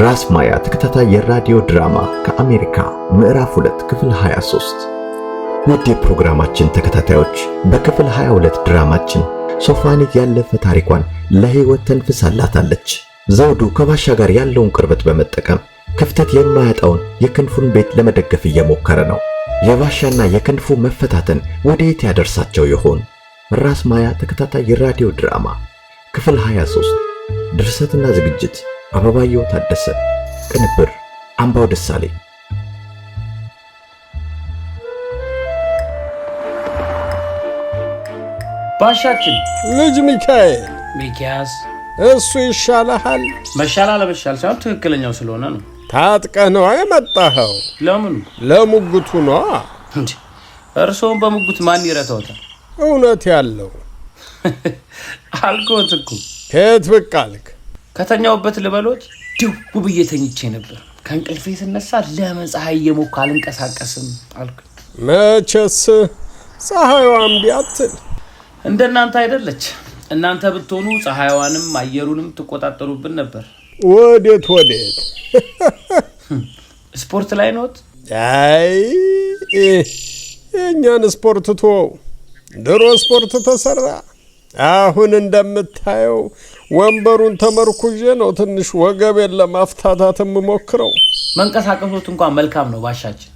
ራስ ማያ ተከታታይ የራዲዮ ድራማ ከአሜሪካ ምዕራፍ 2 ክፍል 23። ውድ የፕሮግራማችን ተከታታዮች በክፍል 22 ድራማችን ሶፋኒት ያለፈ ታሪኳን ለህይወት ተንፍሳላታለች። ዘውዱ ከባሻ ጋር ያለውን ቅርበት በመጠቀም ክፍተት የማያጣውን የክንፉን ቤት ለመደገፍ እየሞከረ ነው። የባሻና የክንፉ መፈታተን ወደየት ያደርሳቸው ይሆን? ራስ ማያ ተከታታይ የራዲዮ ድራማ ክፍል 23 ድርሰትና ዝግጅት አበባየሁ ታደሰ። ቅንብር አምባው ደሳለኝ። ባሻችን ልጅ ሚካኤል ሚኪያስ፣ እሱ ይሻልሃል። መሻል አለመሻል ሳይሆን ትክክለኛው ስለሆነ ነው። ታጥቀህ ነዋ የመጣኸው? ለምኑ? ለሙግቱ ነዋ። እርስዎን በሙግት ማን ይረታውታል? እውነት ያለው አልኮት እኮ ከየት ብቅ አልክ? ከተኛውበት ልበሎት ድው ብዬ ተኝቼ ነበር። ከእንቅልፌ ስነሳ ለምን ፀሐይ እየሞኩ አልንቀሳቀስም አልኩ። መቼስ ፀሐይዋን ቢያትል እንደ እናንተ አይደለች። እናንተ ብትሆኑ ፀሐይዋንም አየሩንም ትቆጣጠሩብን ነበር። ወዴት ወዴት? ስፖርት ላይ ኖት? አይ የእኛን ስፖርት ትወው። ድሮ ስፖርት ተሰራ። አሁን እንደምታየው ወንበሩን ተመርኩዤ ነው ትንሽ ወገቤን ለማፍታታት የምሞክረው። መንቀሳቀሶት እንኳን መልካም ነው ባሻችን።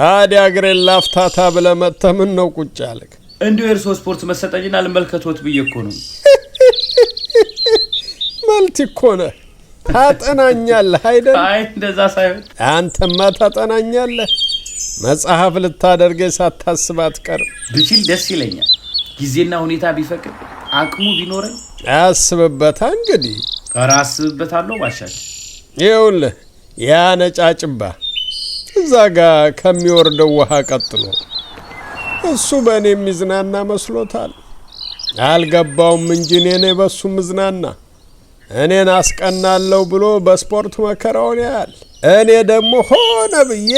ታዲያ እግሬን ላፍታታ ብለህ መጥተህ ምን ነው ቁጭ አልክ? እንዲሁ የእርሶ ስፖርት መሰጠኝና ልመልከቶት ብዬ እኮ ነው። መልት እኮ ነህ። ታጠናኛለህ አይደል? አይ እንደዛ ሳይሆን አንተማ ታጠናኛለህ። መጽሐፍ ልታደርገኝ ሳታስባት አትቀርም። ብችል ደስ ይለኛል። ጊዜና ሁኔታ ቢፈቅድ አቅሙ ቢኖረኝ አስብበታ እንግዲህ ኧረ አስብበታለሁ ባሻል ይኸውልህ ያ ነጫጭባ እዛ ጋ ከሚወርደው ውሃ ቀጥሎ እሱ በእኔ የሚዝናና መስሎታል። አልገባውም እንጂ እኔ በሱ ምዝናና እኔን አስቀናለሁ ብሎ በስፖርት መከራውን ያህል እኔ ደግሞ ሆነ ብዬ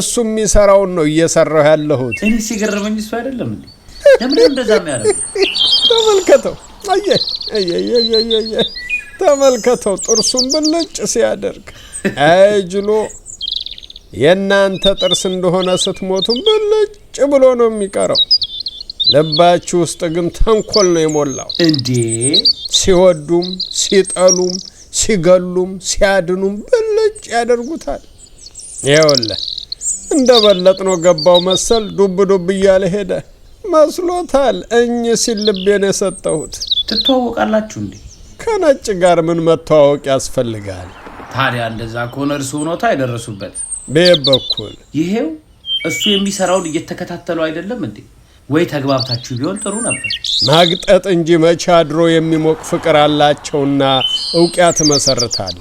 እሱ የሚሰራውን ነው እየሰራሁ ያለሁት። እኔ ሲገረመኝ እሱ አይደለም ለምን እንደዛ የሚያደርግ ተመልከተው። ተመልከተው ጥርሱን ብልጭ ሲያደርግ አይጅሎ የእናንተ ጥርስ እንደሆነ ስትሞቱም ብልጭ ብሎ ነው የሚቀረው። ልባችሁ ውስጥ ግን ተንኮል ነው የሞላው። እንዴ ሲወዱም ሲጠሉም ሲገሉም ሲያድኑም ብልጭ ያደርጉታል። ይኸውልህ እንደ በለጥ ነው ገባው መሰል ዱብ ዱብ እያለ ሄደ። መስሎታል። እኝ ሲል ልቤን የሰጠሁት። ትተዋወቃላችሁ እንዴ? ከነጭ ጋር ምን መተዋወቅ ያስፈልጋል ታዲያ? እንደዛ ከሆነ እርስ ኖታ የደረሱበት ቤት በኩል ይሄው እሱ የሚሰራውን እየተከታተሉ አይደለም እንዴ? ወይ ተግባብታችሁ ቢሆን ጥሩ ነበር። ማግጠጥ እንጂ መቼ አድሮ የሚሞቅ ፍቅር አላቸውና እውቂያ ትመሰርታለ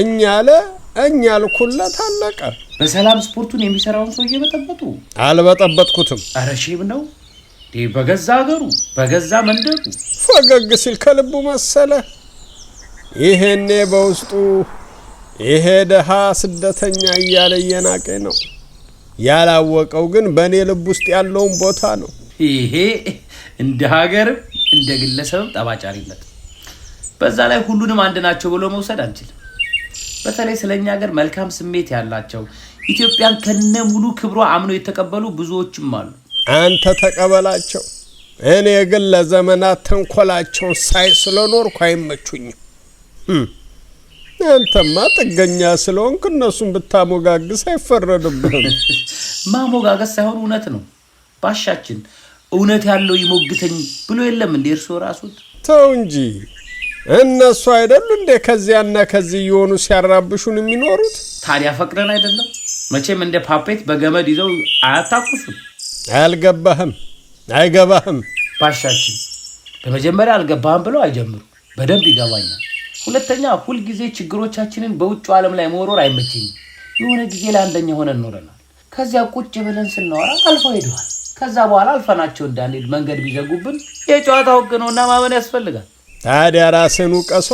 እኛ አለ እኛ ያልኩለት አለቀ። በሰላም ስፖርቱን የሚሰራውን ሰውዬ በጠበጡ አልበጠበጥኩትም። ኧረ ሼም ነው በገዛ ሀገሩ በገዛ መንደሩ ፈገግ ሲል ከልቡ መሰለ። ይሄኔ በውስጡ ይሄ ደሃ ስደተኛ እያለ እየናቀ ነው። ያላወቀው ግን በእኔ ልብ ውስጥ ያለውን ቦታ ነው። ይሄ እንደ ሀገርም እንደ ግለሰብም ጠባጫሪነት፣ በዛ ላይ ሁሉንም አንድ ናቸው ብሎ መውሰድ አንችልም። በተለይ ስለ እኛ ሀገር መልካም ስሜት ያላቸው ኢትዮጵያን ከነ ሙሉ ክብሯ አምነው የተቀበሉ ብዙዎችም አሉ። አንተ ተቀበላቸው። እኔ ግን ለዘመናት ተንኮላቸውን ሳይ ስለኖርኩ አይመቹኝም። አንተማ ጥገኛ ስለሆንክ እነሱን ብታሞጋግስ አይፈረድብህም። ማሞጋገስ ሳይሆን እውነት ነው ባሻችን፣ እውነት ያለው ይሞግተኝ ብሎ የለም እንዴ እርስዎ ራሱት ተው እንጂ እነሱ አይደሉ እንዴ ከዚያና ከዚህ እየሆኑ ሲያራብሹን የሚኖሩት? ታዲያ ፈቅደን አይደለም? መቼም እንደ ፓፔት በገመድ ይዘው አያታኩሱም። አልገባህም? አይገባህም ባሻችን። በመጀመሪያ አልገባህም ብለው አይጀምሩ። በደንብ ይገባኛል። ሁለተኛ ሁልጊዜ ችግሮቻችንን በውጭ ዓለም ላይ መወረር አይመቸኝም። የሆነ ጊዜ ላይ አንደኛ ሆነን ኖረናል። ከዚያ ቁጭ ብለን ስናወራ አልፎ ሄደዋል። ከዛ በኋላ አልፈናቸው እንዳንሄድ መንገድ ቢዘጉብን የጨዋታ ሕግ ነውና ማመን ያስፈልጋል። ታዲያ ራስን ውቀሷ።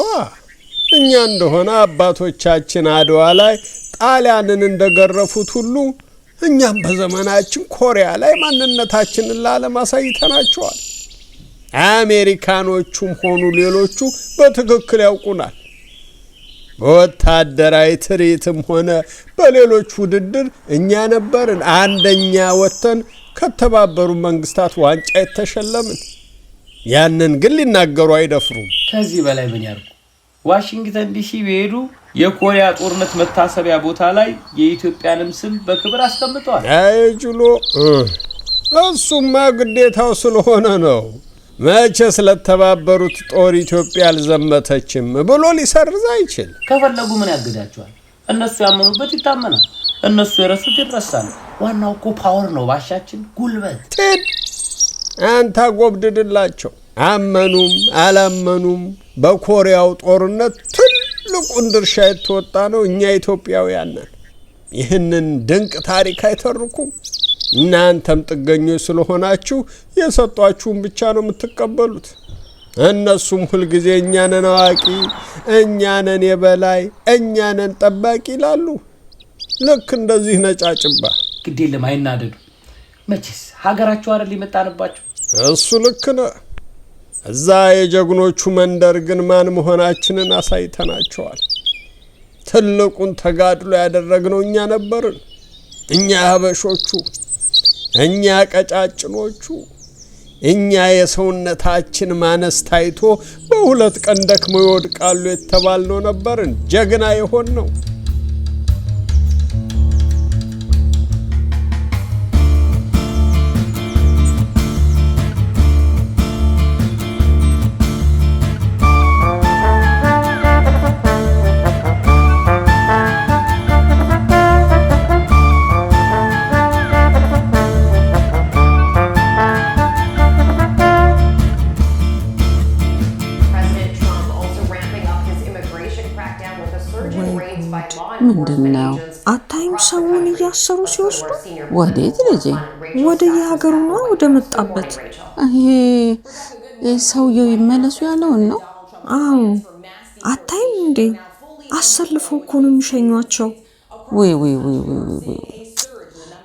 እኛ እንደሆነ አባቶቻችን አድዋ ላይ ጣሊያንን እንደገረፉት ሁሉ እኛም በዘመናችን ኮሪያ ላይ ማንነታችንን ለዓለም አሳይተናቸዋል። አሜሪካኖቹም ሆኑ ሌሎቹ በትክክል ያውቁናል። በወታደራዊ ትርኢትም ሆነ በሌሎች ውድድር እኛ ነበርን አንደኛ ወጥተን ከተባበሩ መንግስታት ዋንጫ የተሸለምን። ያንን ግን ሊናገሩ አይደፍሩም። ከዚህ በላይ ምን ያርጉ? ዋሽንግተን ዲሲ በሄዱ የኮሪያ ጦርነት መታሰቢያ ቦታ ላይ የኢትዮጵያንም ስም በክብር አስቀምጠዋል። አይችሎ እሱማ ግዴታው ስለሆነ ነው። መቼ ስለተባበሩት ጦር ኢትዮጵያ አልዘመተችም ብሎ ሊሰርዝ አይችል። ከፈለጉ ምን ያግዳቸዋል? እነሱ ያመኑበት ይታመናል፣ እነሱ የረሱት ይረሳል። ዋናው እኮ ፓወር ነው፣ ባሻችን ጉልበት አንተ ጎብድድላቸው። አመኑም አላመኑም በኮሪያው ጦርነት ትልቁን ድርሻ የተወጣ ነው እኛ ኢትዮጵያውያን ነን። ይህንን ድንቅ ታሪክ አይተርኩም። እናንተም ጥገኞች ስለሆናችሁ የሰጧችሁን ብቻ ነው የምትቀበሉት። እነሱም ሁልጊዜ እኛነን አዋቂ፣ እኛነን የበላይ፣ እኛነን ጠባቂ ይላሉ። ልክ እንደዚህ ነጫጭባ ግዴለም አይናደዱ። መቼስ ሀገራችሁ አይደል የመጣንባችሁ? እሱ ልክ ነህ። እዛ የጀግኖቹ መንደር ግን ማን መሆናችንን አሳይተናቸዋል። ትልቁን ተጋድሎ ያደረግነው እኛ ነበርን። እኛ ሀበሾቹ፣ እኛ ቀጫጭኖቹ፣ እኛ የሰውነታችን ማነስ ታይቶ በሁለት ቀን ደክመው ይወድቃሉ የተባልነው ነበርን። ጀግና የሆን ነው እያሰሩ ሲወስዱ ወዴት ልጄ? ወደ የሀገሩ ነው ወደ መጣበት። ይሄ ሰውየው ይመለሱ ያለውን ነው። አዎ አታይም እንዴ? አሰልፈው እኮ ነው የሚሸኟቸው። ወይ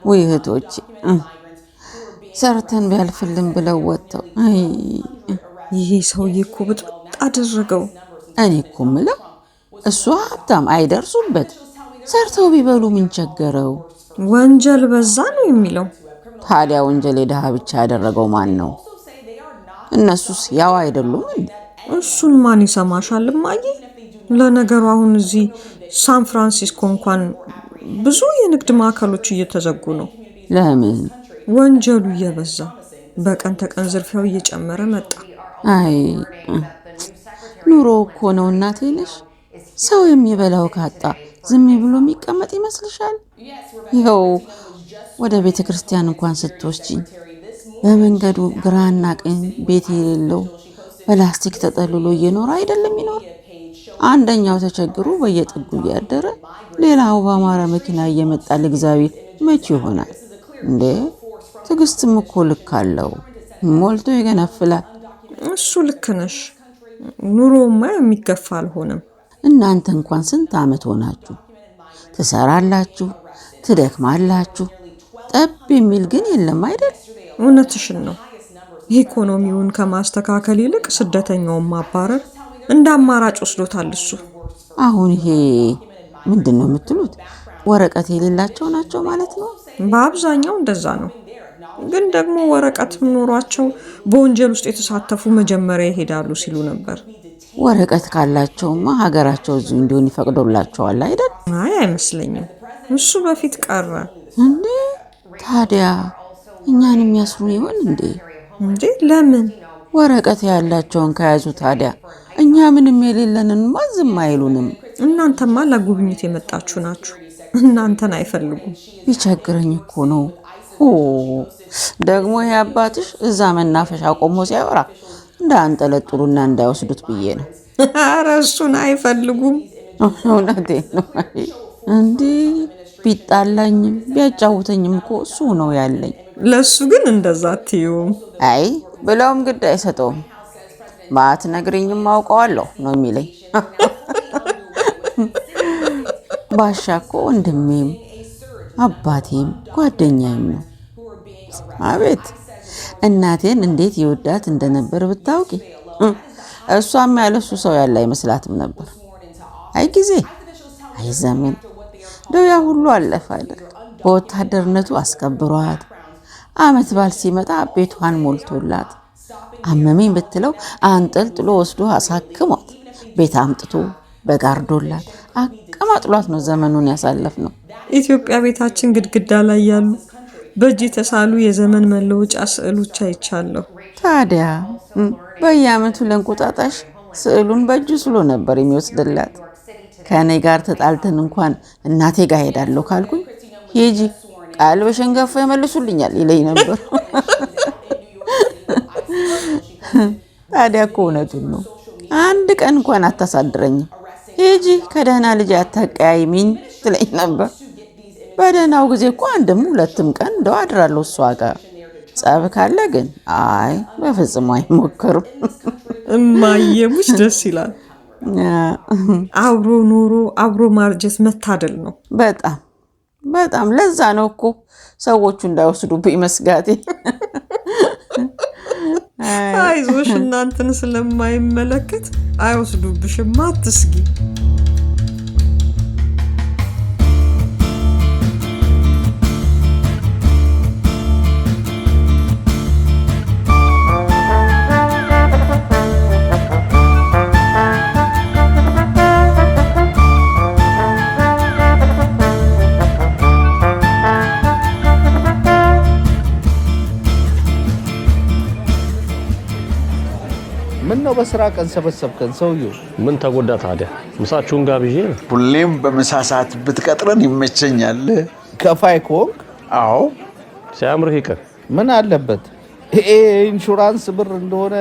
ውይ እህቶች ሰርተን ቢያልፍልን ብለው ወጥተው። ይሄ ሰውዬ እኮ ብጥብጥ አደረገው። እኔ እኮ ምለው እሱ ሀብታም አይደርሱበት ሰርተው ቢበሉ ምን ቸገረው? ወንጀል በዛ ነው የሚለው። ታዲያ ወንጀል የድሃ ብቻ ያደረገው ማን ነው? እነሱስ ያው አይደሉም። እሱን ማን ይሰማሻል እማዬ? ለነገሩ አሁን እዚህ ሳን ፍራንሲስኮ እንኳን ብዙ የንግድ ማዕከሎች እየተዘጉ ነው። ለምን? ወንጀሉ እየበዛ በቀን ተቀን ዝርፊያው እየጨመረ መጣ። አይ ኑሮ እኮ ነው እናቴ ነሽ። ሰው የሚበላው ካጣ ዝም ብሎ የሚቀመጥ ይመስልሻል? ይኸው ወደ ቤተ ክርስቲያን እንኳን ስትወስጂኝ በመንገዱ ግራና ቀኝ ቤት የሌለው በላስቲክ ተጠልሎ እየኖረ አይደለም ይኖር። አንደኛው ተቸግሮ በየጥጉ እያደረ፣ ሌላው በአማራ መኪና እየመጣ ለእግዚአብሔር መች ይሆናል እንዴ? ትዕግስትም እኮ ልክ አለው፣ ሞልቶ ይገነፍላል። እሱ ልክ ነሽ። ኑሮማ የሚገፋ አልሆነም። እናንተ እንኳን ስንት ዓመት ሆናችሁ? ትሰራላችሁ፣ ትደክማላችሁ፣ ጠብ የሚል ግን የለም አይደል? እውነትሽን ነው። ኢኮኖሚውን ከማስተካከል ይልቅ ስደተኛውን ማባረር እንደ አማራጭ ወስዶታል እሱ። አሁን ይሄ ምንድን ነው የምትሉት? ወረቀት የሌላቸው ናቸው ማለት ነው። በአብዛኛው እንደዛ ነው። ግን ደግሞ ወረቀት ኖሯቸው በወንጀል ውስጥ የተሳተፉ መጀመሪያ ይሄዳሉ ሲሉ ነበር። ወረቀት ካላቸውማ ሀገራቸው እዚሁ እንዲሆን ይፈቅዶላቸዋል አይደል? አይ አይመስለኝም። እሱ በፊት ቀረ እንዴ? ታዲያ እኛን የሚያስሩ ይሆን እንዴ? እንዴ ለምን? ወረቀት ያላቸውን ከያዙ ታዲያ እኛ ምንም የሌለንን ማዝም አይሉንም። እናንተማ ለጉብኝት የመጣችሁ ናችሁ። እናንተን አይፈልጉም። ይቸግረኝ እኮ ነው። ኦ ደግሞ ይሄ አባትሽ እዛ መናፈሻ ቆሞ ሲያወራ እንዳያንጠለጥሉና እንዳይወስዱት ብዬ ነው። ኧረ እሱን አይፈልጉም። እውነቴ ነው። እንዲህ ቢጣላኝም ቢያጫውተኝም እኮ እሱ ነው ያለኝ። ለእሱ ግን እንደዛ አትይውም። አይ ብለውም ግድ አይሰጠውም። ማት ነግርኝም አውቀዋለሁ ነው የሚለኝ። ባሻ እኮ ወንድሜም አባቴም ጓደኛዬም ነው። አቤት እናቴን እንዴት ይወዳት እንደነበር ብታውቂ። እሷም ያለሱ ሰው ያለ አይመስላትም ነበር። አይ ጊዜ፣ አይ ዘመን፣ ደው ያ ሁሉ አለፈ አይደል? በወታደርነቱ አስከብሯት፣ አመት ባል ሲመጣ ቤቷን ሞልቶላት፣ አመመኝ ብትለው አንጠልጥሎ ወስዶ አሳክሟት፣ ቤት አምጥቶ በጋርዶላት አቀማጥሏት ነው ዘመኑን ያሳለፍ ነው። ኢትዮጵያ ቤታችን ግድግዳ ላይ ያሉ በእጅ የተሳሉ የዘመን መለወጫ ስዕሎች አይቻለሁ። ታዲያ በየአመቱ ለእንቁጣጣሽ ስዕሉን በእጁ ስሎ ነበር የሚወስድላት። ከእኔ ጋር ተጣልተን እንኳን እናቴ ጋር ሄዳለሁ ካልኩኝ ሂጂ ቃል በሸንጋፋ ይመልሱልኛል ይለኝ ነበር። ታዲያ እኮ እውነቱን ነው። አንድ ቀን እንኳን አታሳድረኝም። ሂጂ ከደህና ልጅ አታቀያይሚኝ ትለኝ ነበር። በደህናው ጊዜ እኮ አንድም ሁለትም ቀን እንደው አድራለሁ እሷ ጋር። ጸብ ካለ ግን አይ በፍጹም አይሞክርም። እማየሙሽ ደስ ይላል። አብሮ ኖሮ አብሮ ማርጀት መታደል ነው። በጣም በጣም ለዛ ነው እኮ ሰዎቹ እንዳይወስዱብኝ መስጋቴ። አይዞሽ እናንተን ስለማይመለከት አይወስዱብሽማ፣ አትስጊ። በስራ ቀን ሰበሰብከን። ሰውዬው ምን ተጎዳ ታዲያ? ምሳችሁን ጋብዤ ነው። ሁሌም በምሳ ሰዓት ብትቀጥረን ይመቸኛል። ከፋይ ከሆንክ አዎ፣ ሲያምርህ ይቅር። ምን አለበት ይሄ ኢንሹራንስ ብር እንደሆነ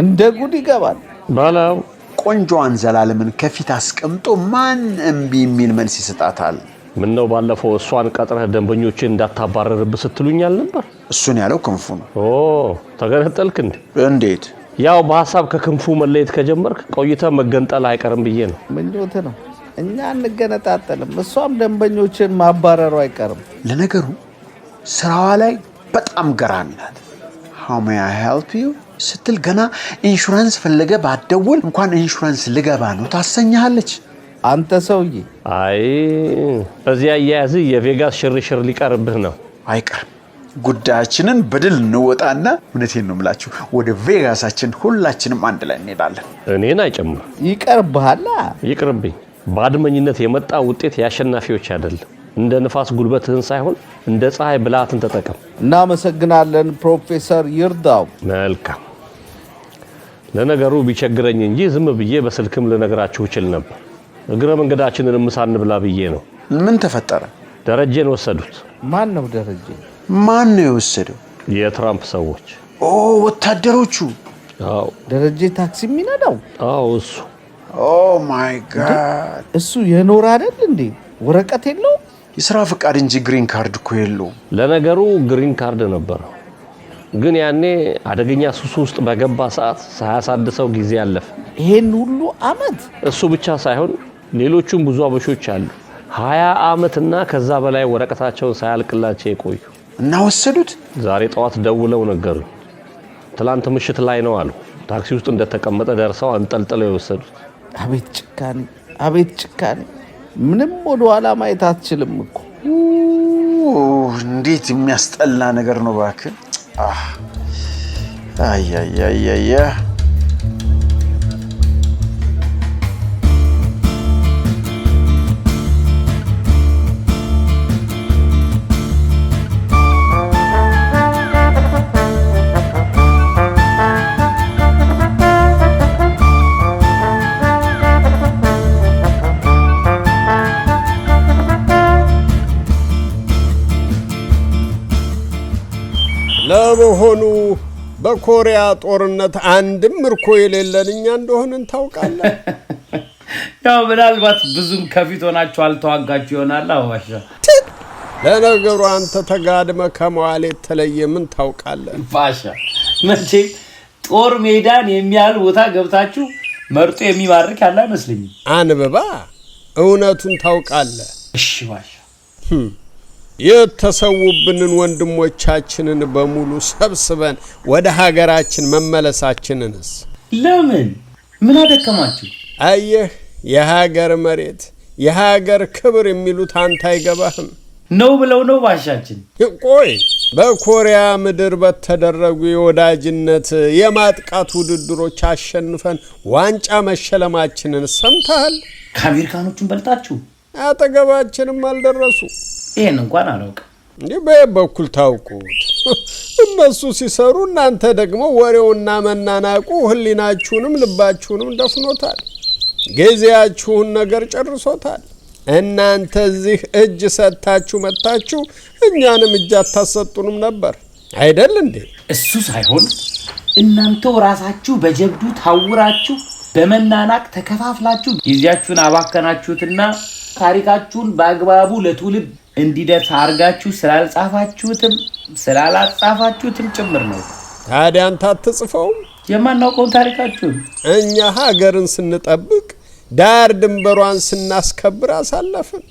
እንደ ጉድ ይገባል። ባላው ቆንጆዋን ዘላለምን ከፊት አስቀምጦ ማን እምቢ የሚል መልስ ይሰጣታል። ነው ባለፈው እሷን ቀጥረህ ደንበኞችን እንዳታባረርብ ስትሉኛል ነበር? እሱን ያለው ክንፉ ነው። ተገነጠልክ እንዴ? እንዴት ያው በሀሳብ ከክንፉ መለየት ከጀመርክ ቆይተ መገንጠል አይቀርም ብዬ ነው ምኞት ነው። እኛ አንገነጣጠልም፣ እሷም ደንበኞችን ማባረሩ አይቀርም። ለነገሩ ስራዋ ላይ በጣም ገራሚ ናት። ሃው ሜይ አይ ሄልፕ ዩ ስትል ገና ኢንሹራንስ ፈለገ ባደውል እንኳን ኢንሹራንስ ልገባ ነው ታሰኛለች። አንተ ሰውዬ፣ አይ በዚያ አያያዝ የቬጋስ ሽርሽር ሊቀርብህ ነው። አይቀርም ጉዳያችንን በድል እንወጣና እውነቴን ነው የምላችሁ ወደ ቬጋሳችን ሁላችንም አንድ ላይ እንሄዳለን። እኔን አይጨምር ይቀርብሃላ። ይቅርብኝ። በአድመኝነት የመጣ ውጤት የአሸናፊዎች አይደለም። እንደ ንፋስ ጉልበትህን ሳይሆን እንደ ፀሐይ ብልሃትን ተጠቀም። እናመሰግናለን ፕሮፌሰር ይርዳው። መልካም። ለነገሩ ቢቸግረኝ እንጂ ዝም ብዬ በስልክም ልነግራችሁ እችል ነበር። እግረ መንገዳችንን ምሳ እንብላ ብዬ ነው። ምን ተፈጠረ? ደረጀን ወሰዱት። ማን ነው ደረጀ? ማን ነው የወሰደው? የትራምፕ ሰዎች ኦ ወታደሮቹ። ደረጀ ታክሲ የሚነዳው እሱ። ኦ ማይ ጋድ እሱ የኖር አይደል እንዴ? ወረቀት የለውም የስራ ፈቃድ እንጂ ግሪን ካርድ እኮ የለውም። ለነገሩ ግሪን ካርድ ነበረው፣ ግን ያኔ አደገኛ ሱስ ውስጥ በገባ ሰዓት ሳያሳድሰው ጊዜ አለፈ። ይሄን ሁሉ አመት እሱ ብቻ ሳይሆን ሌሎቹም ብዙ አበሾች አሉ ሀያ አመትና ከዛ በላይ ወረቀታቸውን ሳያልቅላቸው የቆዩ እና ወሰዱት። ዛሬ ጠዋት ደውለው ነገሩ። ትላንት ምሽት ላይ ነው አሉ። ታክሲ ውስጥ እንደተቀመጠ ደርሰው አንጠልጥለው የወሰዱት። አቤት ጭካኔ! አቤት ጭካኔ! ምንም ወደ ኋላ ማየት አትችልም እኮ እንዴት የሚያስጠላ ነገር ነው እባክህ! አያያያያ በመሆኑ በኮሪያ ጦርነት አንድም ምርኮ የሌለን እኛ እንደሆንን ታውቃለን። ያው ምናልባት ብዙም ከፊት ሆናችሁ አልተዋጋችሁ ይሆናል። አዋሻ ለነገሩ አንተ ተጋድመ ከመዋል የተለየ ምን ታውቃለን? ባሻ መቼም ጦር ሜዳን የሚያህል ቦታ ገብታችሁ መርጦ የሚማርክ ያለ አይመስለኝም። አንብባ እውነቱን ታውቃለህ። እሺ ባሻ የተሰዉብንን ወንድሞቻችንን በሙሉ ሰብስበን ወደ ሀገራችን መመለሳችንንስ ለምን ምን አደከማችሁ? አየህ፣ የሀገር መሬት የሀገር ክብር የሚሉት አንተ አይገባህም ነው ብለው ነው ባሻችን። ቆይ በኮሪያ ምድር በተደረጉ የወዳጅነት የማጥቃት ውድድሮች አሸንፈን ዋንጫ መሸለማችንን ሰምተሃል? ከአሜሪካኖቹን በልጣችሁ አጠገባችንም አልደረሱ። ይህን እንኳን አላውቅም። እንዲህ በኩል ታውቁት እነሱ ሲሰሩ፣ እናንተ ደግሞ ወሬውና መናናቁ ህሊናችሁንም ልባችሁንም ደፍኖታል። ጊዜያችሁን ነገር ጨርሶታል። እናንተ እዚህ እጅ ሰጥታችሁ መጥታችሁ እኛንም እጅ አታሰጡንም ነበር አይደል እንዴ? እሱ ሳይሆን እናንተው ራሳችሁ በጀብዱ ታውራችሁ በመናናቅ ተከፋፍላችሁ ጊዜያችሁን አባከናችሁትና ታሪካችሁን በአግባቡ ለትውልድ እንዲደርስ አድርጋችሁ ስላልጻፋችሁትም ስላላጻፋችሁትም ጭምር ነው። ታዲያ አንተ አትጽፈውም የማናውቀውን ታሪካችሁን? እኛ ሀገርን ስንጠብቅ ዳር ድንበሯን ስናስከብር አሳለፍን።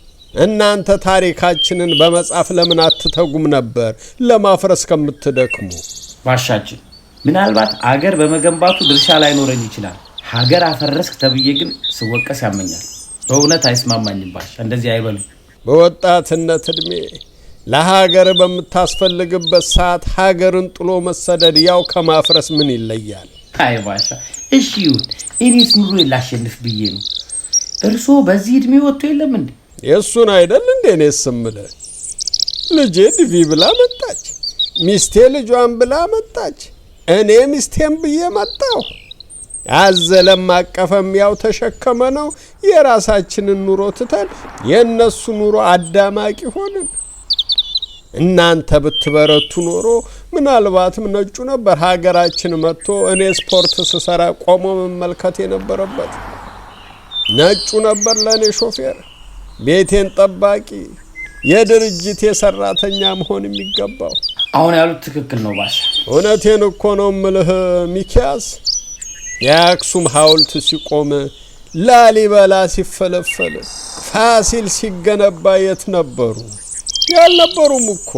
እናንተ ታሪካችንን በመጻፍ ለምን አትተጉም ነበር? ለማፍረስ ከምትደክሙ ባሻችን ምናልባት አገር በመገንባቱ ድርሻ ላይኖረን ይችላል። ሀገር አፈረስክ ተብዬ ግን ስወቀስ ያመኛል። በእውነት አይስማማኝም። ባሽ እንደዚህ አይበሉ። በወጣትነት እድሜ ለሀገር በምታስፈልግበት ሰዓት ሀገርን ጥሎ መሰደድ ያው ከማፍረስ ምን ይለያል? አይ ባሻ፣ እሺ ይሁን። እኔስ ኑሮ የላሸንፍ ብዬ ነው። እርስዎ በዚህ እድሜ ወጥቶ የለም እንዴ? የእሱን አይደል እንዴ? እኔ ስምለ ልጄ ድቪ ብላ መጣች፣ ሚስቴ ልጇን ብላ መጣች፣ እኔ ሚስቴን ብዬ መጣሁ። አዘለም አቀፈም ያው ተሸከመ ነው። የራሳችንን ኑሮ ትተን የእነሱ ኑሮ አዳማቂ ሆንን። እናንተ ብትበረቱ ኖሮ ምናልባትም ነጩ ነበር ሀገራችን መጥቶ እኔ ስፖርት ስሰራ ቆሞ መመልከት የነበረበት ነጩ ነበር። ለእኔ ሾፌር፣ ቤቴን ጠባቂ፣ የድርጅት የሰራተኛ መሆን የሚገባው አሁን ያሉት ትክክል ነው። ባሻ እውነቴን እኮ ነው ምልህ ሚኪያስ የአክሱም ሐውልት ሲቆም፣ ላሊበላ ሲፈለፈል፣ ፋሲል ሲገነባ የት ነበሩ? ያልነበሩም እኮ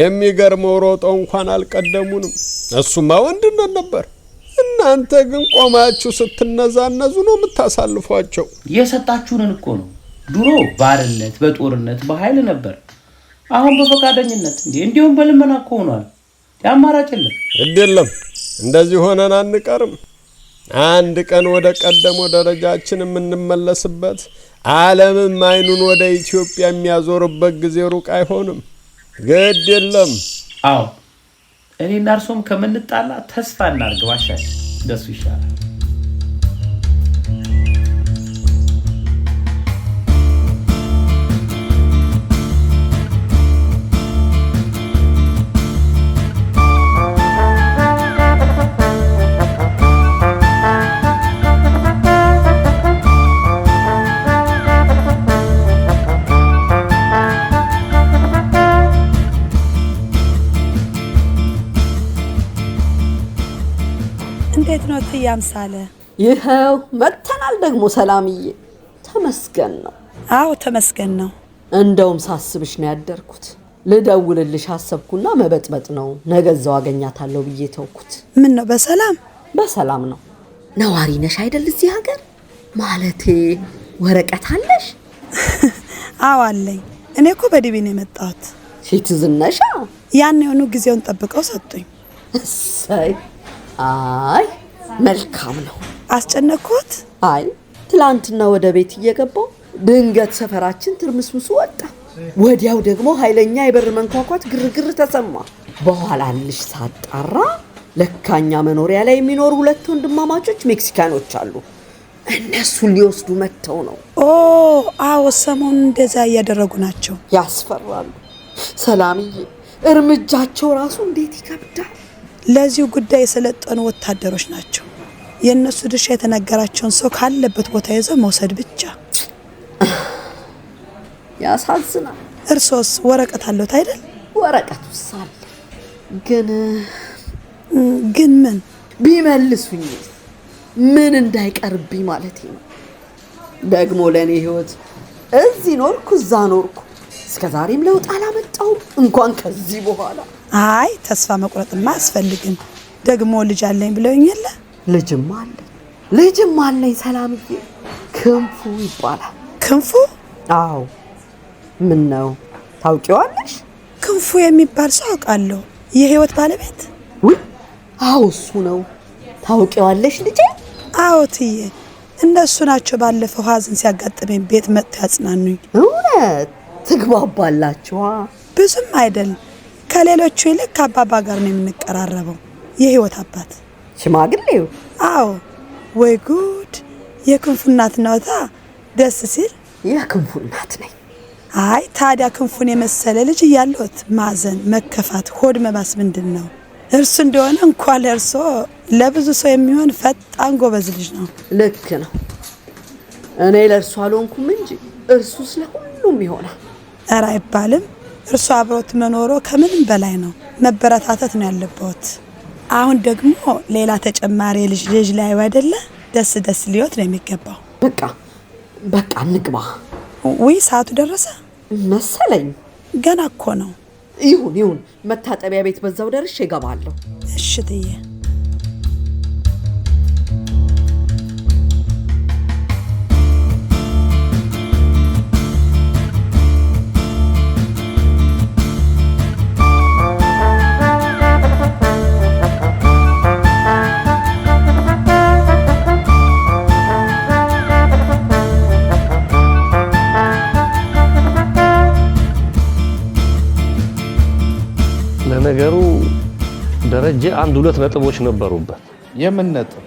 የሚገርመው ሮጦ እንኳን አልቀደሙንም። እሱማ ወንድነት ነበር። እናንተ ግን ቆማችሁ ስትነዛነዙ ነው የምታሳልፏቸው። የሰጣችሁንን እኮ ነው። ድሮ ባርነት፣ በጦርነት በኃይል ነበር። አሁን በፈቃደኝነት እንዲ እንዲሁም በልመና እኮ ሆኗል። አማራጭ የለም። ግድ የለም። እንደዚህ ሆነን አንቀርም። አንድ ቀን ወደ ቀደሞ ደረጃችን የምንመለስበት ዓለምም አይኑን ወደ ኢትዮጵያ የሚያዞርበት ጊዜ ሩቅ አይሆንም። ግድ የለም። አዎ እኔ እና እርሶም ከምንጣላ ተስፋ እናርግ። ባሻ ይሻላል። እንዴት ነው እትዬ አምሳለ? ይኸው መጥተናል ደግሞ ሰላምዬ። ተመስገን ነው። አዎ ተመስገን ነው። እንደውም ሳስብሽ ነው ያደርኩት። ልደውልልሽ አሰብኩና መበጥበጥ ነው ነገ እዛው አገኛታለሁ ብዬ ተውኩት። ምን ነው በሰላም በሰላም ነው። ነዋሪ ነሽ አይደል እዚህ ሀገር? ማለቴ ወረቀት አለሽ? አዎ አለኝ። እኔ እኮ በዲቤ ነው የመጣሁት። ሴትዝነሻ? ያን የሆኑ ጊዜውን ጠብቀው ሰጡኝ። እሰይ አይ መልካም ነው። አስጨነኩት? አይ ትላንትና ወደ ቤት እየገባው ድንገት ሰፈራችን ትርምስምሱ ወጣ። ወዲያው ደግሞ ኃይለኛ የበር መንኳኳት ግርግር ተሰማ። በኋላ ልሽ ሳጣራ ለካኛ መኖሪያ ላይ የሚኖሩ ሁለት ወንድማማቾች ሜክሲካኖች አሉ። እነሱን ሊወስዱ መጥተው ነው። ኦ አዎ፣ ሰሞኑን እንደዛ እያደረጉ ናቸው። ያስፈራሉ። ሰላምዬ፣ እርምጃቸው ራሱ እንዴት ይከብዳል። ለዚሁ ጉዳይ የሰለጠኑ ወታደሮች ናቸው። የእነሱ ድርሻ የተነገራቸውን ሰው ካለበት ቦታ ይዘው መውሰድ ብቻ። ያሳዝናል። እርሶስ ወረቀት አለዎት አይደል? ወረቀት ውሳለ ግን ግን ምን ቢመልሱኝ ምን እንዳይቀርብኝ ማለት ነው። ደግሞ ለእኔ ህይወት እዚህ ኖርኩ እዛ ኖርኩ፣ እስከዛሬም ለውጥ አላመጣው እንኳን ከዚህ በኋላ አይ ተስፋ መቁረጥማ አስፈልግም። ደግሞ ልጅ አለኝ ብለውኝ የለ ልጅም አለኝ ልጅም አለኝ ሰላምዬ፣ ክንፉ ይባላል። ክንፉ? አዎ። ምን ነው ታውቂዋለሽ? ክንፉ የሚባል ሰው አውቃለሁ። የህይወት ባለቤት? ውይ፣ አዎ እሱ ነው። ታውቂዋለሽ ልጄ? አዎ ትዬ፣ እነሱ ናቸው ባለፈው ሀዘን ሲያጋጥመኝ ቤት መጥተው ያጽናኑኝ። እውነት ትግባባላችኋ? ብዙም አይደለም ከሌሎቹ ይልቅ ከአባባ ጋር ነው የምንቀራረበው። የህይወት አባት ሽማግሌው። አዎ። ወይ ጉድ! የክንፉ እናት ደስ ሲል። የክንፉ እናት ነኝ። አይ ታዲያ ክንፉን የመሰለ ልጅ እያለት ማዘን፣ መከፋት፣ ሆድ መባስ ምንድን ነው? እርሱ እንደሆነ እንኳን ለእርሶ ለብዙ ሰው የሚሆን ፈጣን ጎበዝ ልጅ ነው። ልክ ነው። እኔ ለእርሱ አልሆንኩም እንጂ እርሱ ስለሁሉም ይሆናል። እረ አይባልም። እርሱ አብሮት መኖሮ ከምንም በላይ ነው። መበረታተት ነው ያለበት። አሁን ደግሞ ሌላ ተጨማሪ ልጅ ልጅ ላይ አይደለ ደስ ደስ ሊወት ነው የሚገባው። በቃ በቃ እንግባ። ውይ ሰዓቱ ደረሰ መሰለኝ። ገና እኮ ነው። ይሁን ይሁን፣ መታጠቢያ ቤት በዛው ደርሼ እገባለሁ። እሽትዬ ነገሩ ደረጀ አንድ ሁለት ነጥቦች ነበሩበት። የምን ነጥብ?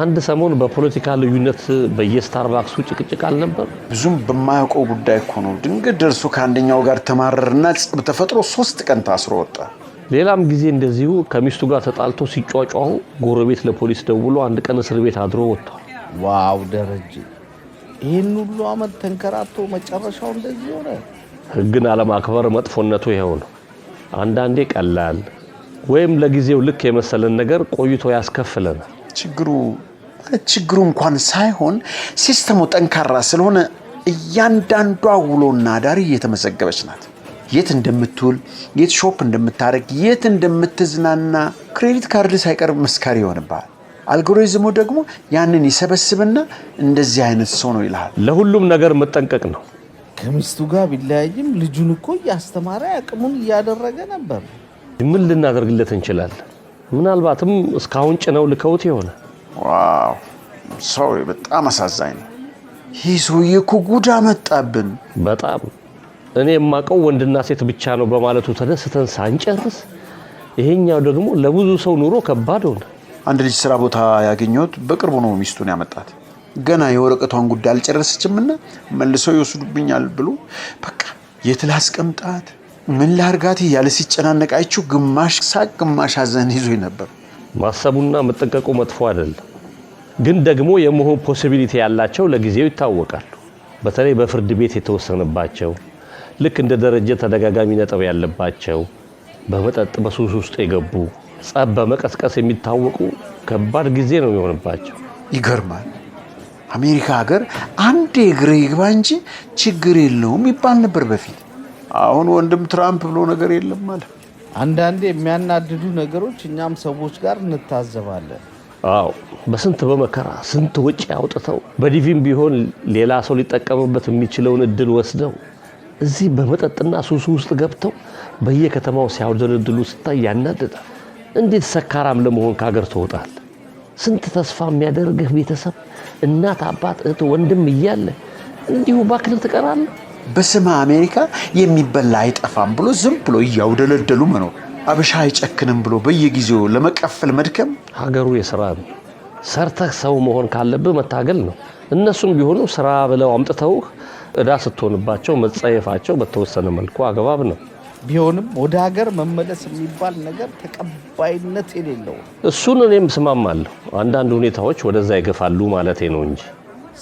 አንድ ሰሞን በፖለቲካ ልዩነት በየስታርባክሱ ጭቅጭቅ አልነበር? ብዙም በማያውቀው ጉዳይ እኮ ነው። ድንገት ደርሶ ከአንደኛው ጋር ተማረርና ጸብ ተፈጥሮ ሶስት ቀን ታስሮ ወጣ። ሌላም ጊዜ እንደዚሁ ከሚስቱ ጋር ተጣልቶ ሲጫጫሁ ጎረቤት ለፖሊስ ደውሎ አንድ ቀን እስር ቤት አድሮ ወጥቷል። ዋው ደረጀ፣ ይህን ሁሉ አመት ተንከራቶ መጨረሻው እንደዚህ ሆነ። ህግን አለማክበር መጥፎነቱ ይኸው ነው። አንዳንዴ ቀላል ወይም ለጊዜው ልክ የመሰለን ነገር ቆይቶ ያስከፍለናል። ችግሩ ችግሩ እንኳን ሳይሆን ሲስተሙ ጠንካራ ስለሆነ እያንዳንዷ ውሎና አዳሪ እየተመዘገበች ናት። የት እንደምትውል፣ የት ሾፕ እንደምታደርግ፣ የት እንደምትዝናና ክሬዲት ካርድ ሳይቀርብ መስካሪ ይሆንብሃል። አልጎሪዝሙ ደግሞ ያንን ይሰበስብና እንደዚህ አይነት ሰው ነው ይልሃል። ለሁሉም ነገር መጠንቀቅ ነው። ከሚስቱ ጋር ቢለያይም ልጁን እኮ እያስተማረ አቅሙን እያደረገ ነበር። ምን ልናደርግለት እንችላለን? ምናልባትም እስካሁን ጭነው ልከውት የሆነ ዋው፣ ሰው በጣም አሳዛኝ ነው። ይህ ሰውዬ እኮ ጉዳ መጣብን። በጣም እኔ የማውቀው ወንድና ሴት ብቻ ነው በማለቱ ተደስተን ሳንጨርስ፣ ይሄኛው ደግሞ ለብዙ ሰው ኑሮ ከባድ ሆነ። አንድ ልጅ ስራ ቦታ ያገኘሁት በቅርቡ ነው። ሚስቱን ያመጣት ገና የወረቀቷን ጉዳይ አልጨረሰችምና መልሰው ይወስዱብኛል ብሎ በቃ የት ላስቀምጣት ምን ላርጋት እያለ ሲጨናነቅ አይችው ግማሽ ሳቅ ግማሽ ሀዘን ይዞ ነበር። ማሰቡና መጠንቀቁ መጥፎ አይደለም፣ ግን ደግሞ የመሆን ፖሲቢሊቲ ያላቸው ለጊዜው ይታወቃሉ። በተለይ በፍርድ ቤት የተወሰነባቸው ልክ እንደ ደረጀ ተደጋጋሚ ነጥብ ያለባቸው በመጠጥ በሱስ ውስጥ የገቡ ጸብ በመቀስቀስ የሚታወቁ ከባድ ጊዜ ነው የሚሆንባቸው። ይገርማል። አሜሪካ ሀገር አንድ የእግር ይግባ እንጂ ችግር የለውም ይባል ነበር በፊት። አሁን ወንድም ትራምፕ ብሎ ነገር የለም ማለት። አንዳንዴ የሚያናድዱ ነገሮች እኛም ሰዎች ጋር እንታዘባለን። አዎ በስንት በመከራ ስንት ወጪ አውጥተው በዲቪም ቢሆን ሌላ ሰው ሊጠቀምበት የሚችለውን እድል ወስደው እዚህ በመጠጥና ሱሱ ውስጥ ገብተው በየከተማው እድሉ ስታይ ያናድዳል። እንዴት ሰካራም ለመሆን ከሀገር ትወጣል? ስንት ተስፋ የሚያደርግህ ቤተሰብ፣ እናት፣ አባት፣ እህት፣ ወንድም እያለ እንዲሁ ባክል ትቀራለ። በስመ አሜሪካ የሚበላ አይጠፋም ብሎ ዝም ብሎ እያውደለደሉ መኖር፣ አበሻ አይጨክንም ብሎ በየጊዜው ለመቀፈል መድከም ሀገሩ የስራ ነው። ሰርተህ ሰው መሆን ካለብህ መታገል ነው። እነሱም ቢሆኑ ስራ ብለው አምጥተውህ እዳ ስትሆንባቸው መጸየፋቸው በተወሰነ መልኩ አግባብ ነው። ቢሆንም ወደ ሀገር መመለስ የሚባል ነገር ተቀባይነት የሌለው እሱን እኔም ስማማለሁ። አንዳንድ ሁኔታዎች ወደዛ ይገፋሉ ማለቴ ነው እንጂ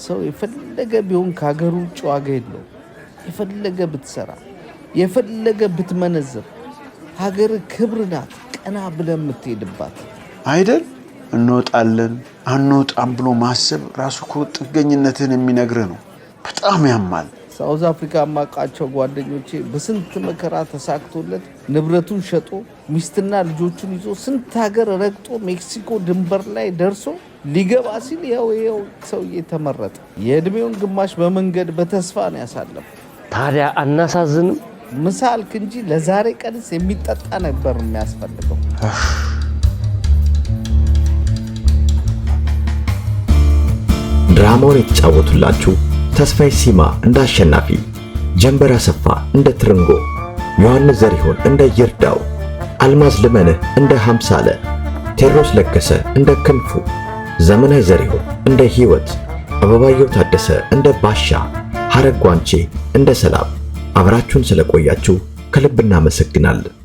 ሰው የፈለገ ቢሆን ከሀገር ውጭ ዋጋ የለው። የፈለገ ብትሰራ፣ የፈለገ ብትመነዝር፣ ሀገር ክብር ናት። ቀና ብለን የምትሄድባት አይደል? እንወጣለን አንወጣም ብሎ ማሰብ ራሱ እኮ ጥገኝነትን የሚነግር ነው። በጣም ያማል። ሳውዝ አፍሪካ ማቃቸው ጓደኞቼ በስንት መከራ ተሳክቶለት ንብረቱን ሸጦ ሚስትና ልጆቹን ይዞ ስንት ሀገር ረግጦ ሜክሲኮ ድንበር ላይ ደርሶ ሊገባ ሲል ያው ይኸው ሰውዬ ተመረጠ። የእድሜውን ግማሽ በመንገድ በተስፋ ነው ያሳለፉ። ታዲያ አናሳዝንም? ምሳልክ እንጂ ለዛሬ ቀንስ የሚጠጣ ነበር የሚያስፈልገው። ድራማውን የተጫወቱላችሁ ተስፋዬ ሲማ እንደ አሸናፊ፣ ጀንበር አሰፋ እንደ ትርንጎ፣ ዮሐንስ ዘሪሁን እንደ ይርዳው፣ አልማዝ ልመንህ እንደ ሐምሳለ፣ ቴዎድሮስ ለገሰ እንደ ክንፉ፣ ዘመናዊ ዘሪሁን እንደ ሕይወት፣ አበባየው ታደሰ እንደ ባሻ፣ ሐረግ ጓንቼ እንደ ሰላም። አብራችሁን ስለቆያችሁ ከልብ እናመሰግናለን።